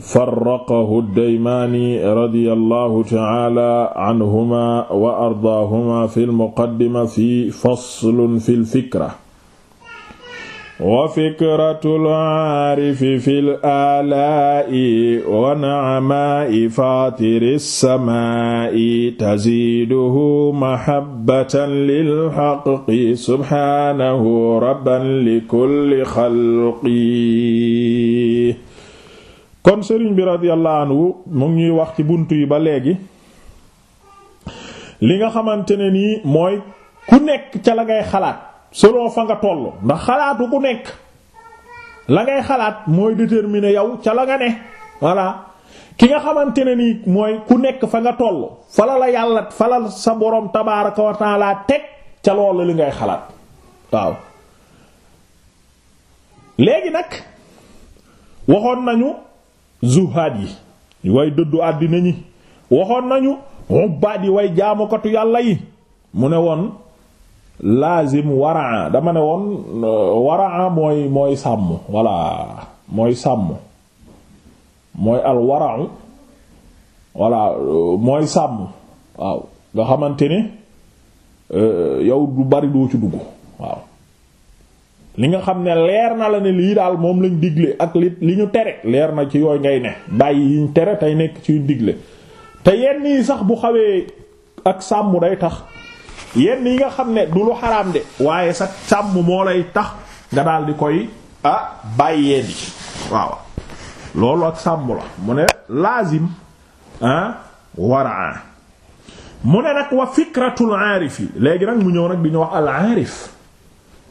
farraqahu ddaymaani radiyallahu ta'ala anhuma wa ardaahuma fil muqaddima fi faslun fil fikra wa fikratul aarifi fil aalaa'i wa na'amaa'i faatiris samaa'i taziiduhu mahabbatan lil haqqi subhaanahu rabban likulli khalqi kon sëriñ bi radiyallahu anhu mu ngi wax ci bunt yi ba léegi li nga xamante ne nii mooy ku nekk ca la ngay xalaat selon fa nga toll ndax xalaatu ku nekk la ngay xalaat mooy déterminer yow ca la nga ne voilà ki nga xamante ne nii mooy ku nekk fa nga toll fala la yàlla falal sa boroom tabaaraka wa taala teg ca loolu li ngay xalaat waaw léegi nag waxoon nañu zuhaad yi way dëddu àddina ñi waxoon nañu ubbaad yi way jaamukatu yàlla yi mu ne woon laazim waraa dama ne woon euh, waraa mooy mooy sàmm walla mooy sàmm mooy al warau walla euh, mooy sàmm waaw nga xamante ne euh, yow du bari doo ci dugg waaw li nga xam ne leer na la ne lii daal moom lañ digle ak li li ñu tere leer na ci yooyu ngay ne bàyyi yiñ tere tey nekk ci digle te yenn yi sax bu xawee ak sàmm day tax yenn yi nga xam ne du lu xaraam de waaye sax sàmm moo lay tax nga daal di koy ah bàyyi yenn yi waaw loolu ak sàmm la mu ne laazim ah waraa mu ne nag wa fikratul aarif yi léegi nag mu ñëw nag di ñu wax al aarif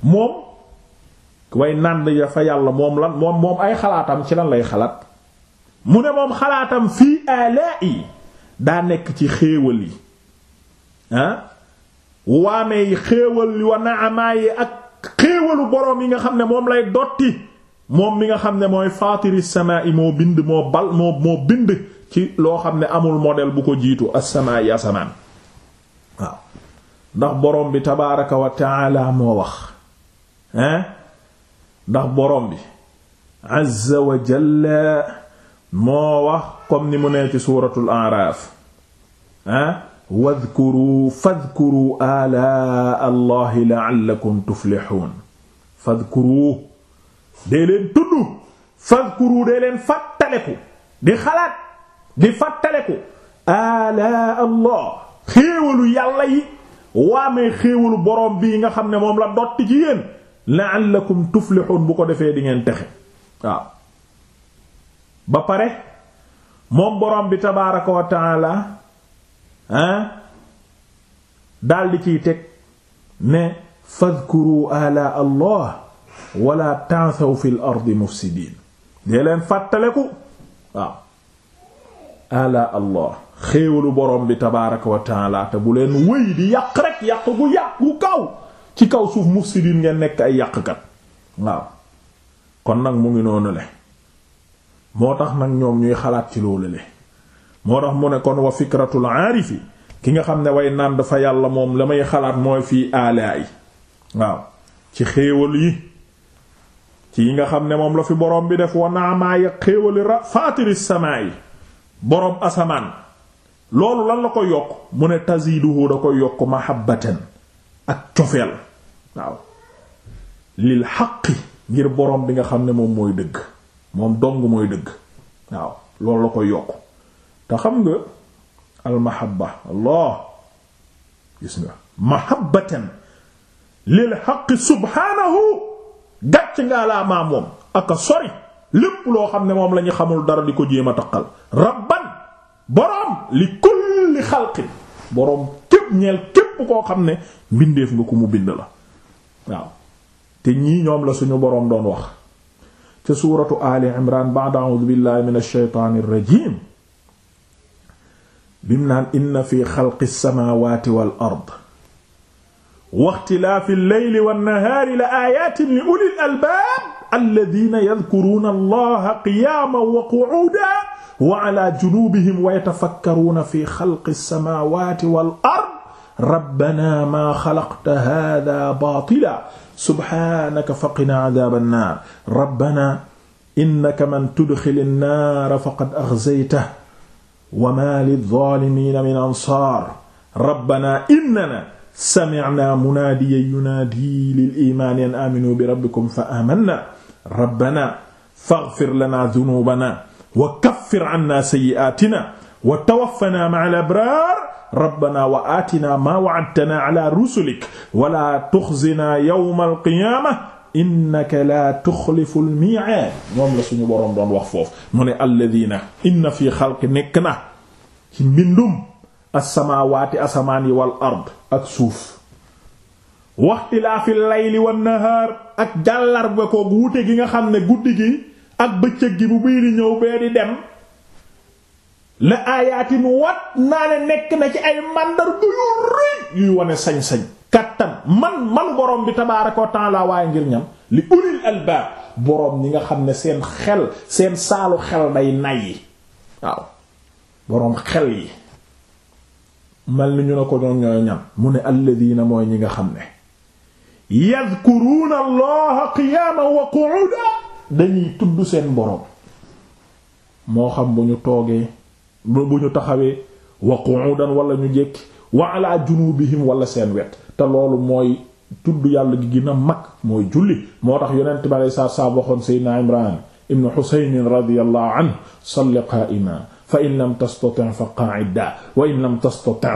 moom way nànd ya fa yàlla moom lan moom moom ay xalaatam ci lan lay xalaat mu ne moom xalaatam fii alaa'i daa nekk ci xéewal yi ah xéewal yi wa naamaa ak xéewalu boroom yi nga xam ne moom lay dotti moom mi nga xam ne mooy faatiri samaa'i moo bind moo bal moo moo bind ci loo xam ne amul modèle bu ko jiitu as-samaa'i asamaan waaw ndax boroom bi tabaaraka wa ta'aala moo wax ndax borom bi wa jalla moo wax comme ni mu nee ci suuratul araaf ah wadkuru fadkuru ala allahi la'allakum tuflihun fadkuru dee leen tudd fadkuru dee leen fàttaleku di xalaat di fàttaleku ala allah xéewalu yàlla yi waamee xéewalu borom nga xam ne moom la dotti ci la la'allakum tuflihun bu ko defee di ngeen texe waaw ba pare moom borom bi tabaaraka wa taala daldi ciy teg ne fadkuru ala allah wala tansaw fil ardi mufsidiin dee leen fàttaleku waaw ala allah xéewalu borom bi tabaaraka wa taala te bu leen wëy di yàq rek yàq gu yàq gu kaw ci kaw suuf mufsidin ngeen nekk ay yàqkat waaw kon nag mu ngi noonu le moo tax nag ñoom ñuy xalaat ci loolu le moo tax mu ne kon wa fikratul aarifi ki nga xam ne way naan dafa yàlla moom la may xalaat mooy fii aalaa yi waaw ci xéewal yi ci yi nga xam ne moom la fi borom bi def wa naamaaya xéewali ra faatiri samaa yi boroom asamaan loolu lan la ko yokk mu ne taziduhu da ko yokk mahabbatan ak cofeel waaw lil xaqi ngir boroom bi nga xam ne moom mooy dëgg moom dong mooy dëgg waaw loolu la ko yokk te xam nga almahabba allah gis nga mahabbatan lil xaqi subhaanahu gàcc ngaa laa maa moom aka sori lépp loo xam ne moom la xamul dara di ko jéem a taqal rabban boroom li kulli xalqin boroom képp ñeel képp koo xam ne mbindeef nga ko mu bind la waaw te ñii ñoom la suñu boroom doon wax ca suuratu ali imran ba'da a'udhu billahi minash shaytaanir rajiim bim naan inna fi xalqi samaawaati wal ard wa ixtilaafi al-layli wan-nahaari la aayaatin li ulil albaab alladhiina yadhkuruuna allaha qiyaaman wa qu'uudan wa 'alaa junuubihim wa yatafakkaruuna fi xalqi samaawaati wal ard rabbana maa xalaqta haadaa baatila subhaanaka faqinaa adaaban naar rabbana innaka man tudxili nnaara faqad axzaytahu wa maa lizzaalimiina min ansaar rabbana innanaa samicnaa munaadiyan yunaadii lil iimaani an aaminuu bi rabbikum fa aamannaa rabbana faxfir lanaa dunuubanaa wa kaffir cannaa sayyi'aatinaa wa tawaffanaa ma'al abraar rabbanaa wa aatinaa maa wa'adtanaa alaa rusulik wa laa tuxzinaa yawmal qiyaamah innaka laa tuxliful mii'aad ñoom la suñu boroom doon wax foofu mu ne alladiina inna fii xalqi nekk na ci mbindum as-samaawaati asamaan yi wal ard ak suuf waxtilaafi layli wan nahaar ak jàllar ba ko wuute gi nga xam ne guddi gi ak bëccëg gi bu bii di ñëw bee di dem la aayaatin wat naa ne nekk na ci ay màndarga yu rëy yuy wane sañ-sañ kattan man man borom bi tabaaraka wa taala waaye ngir ñam li ulil albaab borom ñi nga xam ne seen xel seen saalu xel day nay waaw boroom xel yi mel ni ñu ne ko ñoom ñooy ñam mu ne alladina mooy ñi nga xam ne yadkuruuna allaha qiyaaman wa qu'uudan dañuy tudd seen boroom moo xam bu ñu toogee ba bu ñu taxawee wa qu'udan wala ñu jekki wa ala junubihim wala seen wet te loolu mooy tudd yàlla gi gën a mag mooy julli moo tax yonent bi alei saatu salaam waxoon seydna imran ibnu xusayn radiyallahu anhu salli qaa'ima fa in lam tastati' fa qaa'ida wa in lam tastati'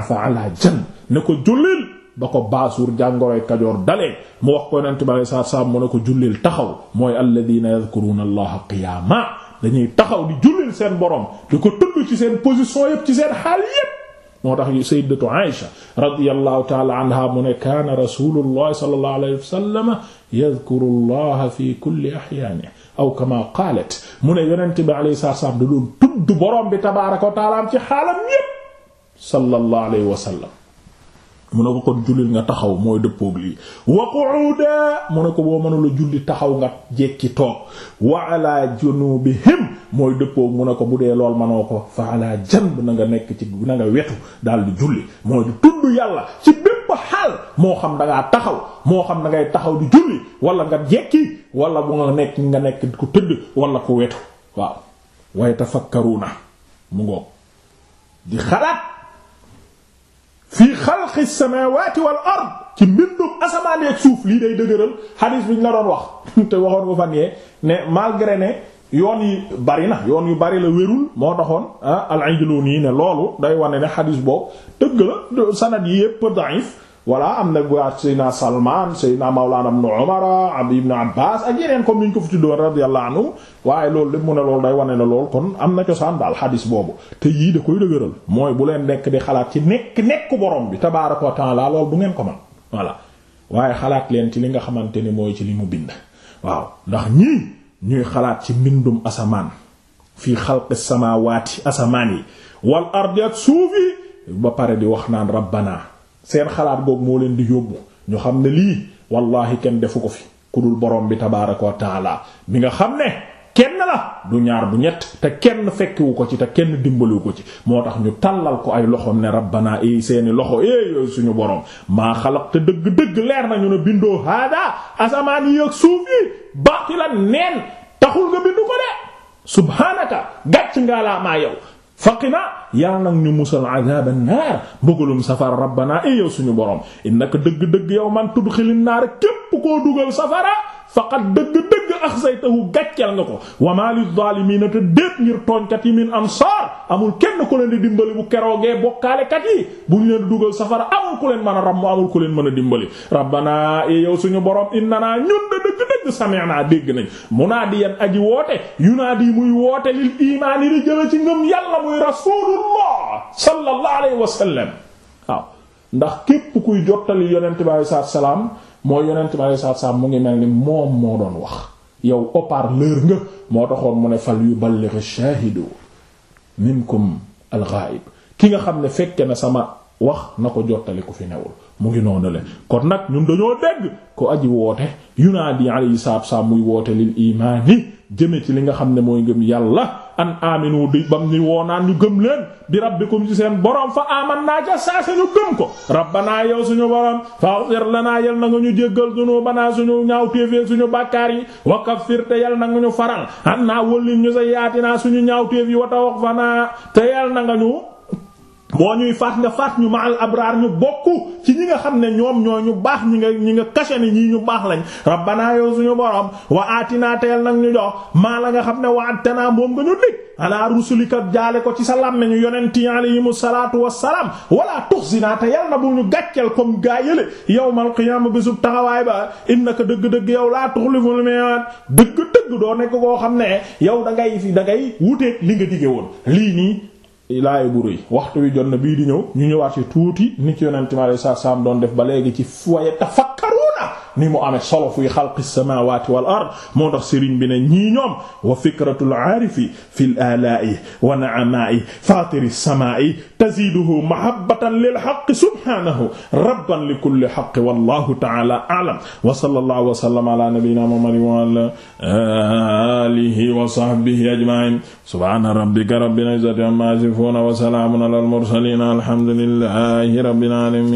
kajoor dalee mu wax ko yonent bi alei saatu salaam ne ko jullil taxaw mooy alladina yadhkuruna allaha dañuy taxaw di jullil seen borom di ko tudd ci seen position yépp ci seen xaal yépp moo tax sayyidatu Aïsha radiyallahu ta'ala anha mu ne kaana rasulullah sallallahu alayhi wa sallam yadhkuru allaha fi kulli ahyaanihi aw kama qaalat mu ne yonent bi alayhi salaatu wa salaam da doon tudd borom bi tabaaraka wa ta'ala ci xaalam yépp sallallahu alayhi wa sallam mu ne ko kon jullil nga taxaw mooy dëppoog lii wa qu'uda mu ne ko boo mënula julli taxaw nga jekki toog wa bi junubihim mooy dëppoog mu ne ko bu dee lool manoo ko fa ala janb na nga nekk ci na nga wetu daal di julli mooy di tudd yàlla ci bépp xaal moo xam da taxaw moo xam da ngay taxaw di julli wala nga jekki wala bu nga nekk nga nekk ku tëdd wala ku wetu waaw waaye tafakkaruna mu ngoog di xalaat fii xalqi samawati wal ard ci mbindum asamaan ak suuf lii day dëgëral xadiis bi ñu la doon wax te waxoon ko fan yee ne malgré ne yoon yi bari na yoon yu bari la wérul moo doxoon ah, al-Ajluni ne loolu day wane ne xadiis boobu dëgg la sanad yi yépp daif voilà am na waat Seydina Salman Seydina Mawlana ibn Umar ibn Abbas ak yeneen comme ni ñu ko fi tuddoon radiyallahu anhu waaye loolu lépp mu ne loolu day wane ne lool kon am na cosaan daal xadis boobu te yii da koy dëgëral mooy bu leen nekk di xalaat ci nekk nekk borom bi tabaaraka wa ta'ala loolu bu ngeen ko man voilà xalaat leen ci li nga xamante ni mooy ci li mu waaw ndax ñii ñuy xalaat ci mbindum asamaan fii xalqi samaawaati asamaan yi wal ardi ak ba pare di wax naan rabbana seen xalaat googu moo leen di yóbbu ñu xam ne lii wallaahi kenn defu ko fi ku dul borom bi tabaaraka wa bi nga xam ne kenn la du ñaar bu ñett te kenn fekkiwu ko ci te kenn dimbaliwu ko ci moo tax ñu tàllal ko ay loxoom ne rabbana i seeni loxo eh yooyu suñu borom maa xalaq te dëgg-dëgg leer nañu ne bindoo haada asamaan yi ak suuf yi baatila neen taxul nga bindu ko de subhaanaka gàcc ngaa laa maa yow faqina yàlla nag ñu musal azaba naar mbugalum safara rabbanaa eh yow suñu borom innaka dëgg-dëgg yow man tudxilin naar képp koo dugal safara faqad dëgg-dëgg axsaytahu gàcceel nga ko wa ma lil zaalimiina te déet ngir tooñkat yi min ansaar amul kenn ku leen di dimbali bu keroogee bokkaalekat yi bu ñu leen dugal safara amul ku leen mën a ram amul ku leen mën a dimbali rabbana e yow suñu borom innana ñun de dëgg-dëgg sami'na dégg nañ munaadiyan aji woote yunaadi muy woote lil imaan yi di ci ngëm yàlla muy rasulullah sallallahu alayhi wa sallam waaw ndax képp kuy jottali yonent bi sallallahu alayhi moo yonent bi alei satu salaam mu ngi mel ni moom moo doon wax yow haut-parleur nga moo taxoon mu ne fal yuballigh ash-shahidu minkum al-ghaib ki nga xam ne fekke na sama wax na ko jottali ku fi newul mu ngi noonu le kon nag ñun dañoo dégg ko aji woote yunaadi alayhi salaatu wa salaam muy woote lil imaani jëme ci li nga xam ne mooy ngëm yàlla an aminu di bam ni woo naan ñu gëm leen bi rabbikum ci seen borom fa aman naa ca saa ñu gëm ko rabbanaa yow suñu borom faghfir lanaa yal na nga ñu jéggal sunu banaa suñu ñaaw téefeeg suñu bàkkaar yi wa kaffir te yal na nga ñu faral an naa wëllin ñu sa yaatinaa suñu ñaaw téef yi wa tawaffana te yal na nga ñu moo ñuy faat nga faat ñu ma maal abraar ñu bokk ci ñi nga xam ne ñoom ñoo ñu baax ñi nga ñi nga kase ni ñii ñu baax lañ rabbanaa yow suñu borom wa aatinaa teel nag ñu jox maa la nga xam ne wa'adtanaa moom nga ñu dig ala rusulika jaale ko ci sa làmme ñu yonent yi alayhimu salaatu wassalaam wala tuxzinaa te yal na bul ñu gàcceel comme gaa yële yawmal qiyaama bésub taxawaay ba innaka dëgg-dëgg yow laa tuxliful mi'aad dëgg-dëgg doo nekk koo xam ne yow da ngay fi da ngay wuteeg nga woon laaya bu rëy waxtu wi jot na bii di ñëw ñu ñëwaat ci tuuti nit yonent mi alayhi salaam doon def ba léegi ci foye tafakkaruna ni mu amee solo fuy xalqi samawati wal ard moo tax sëriñ bi ne ñii ñoom wa fikratul aarifi fi l alaa'i wa na'ama'i fatiri samaa'i taziduhu mahabbatan lil haqqi subhanahu rabban li kulli haqqi wallahu ta'ala a'lam wa sallallahu wa sallama ala nabiyyina muhammadin wa ala alihi wa sahbihi ajma'in subhana rabbika rabbil izzati amma yasifun wa salamun alal mursalin alhamdulillahi rabbil alamin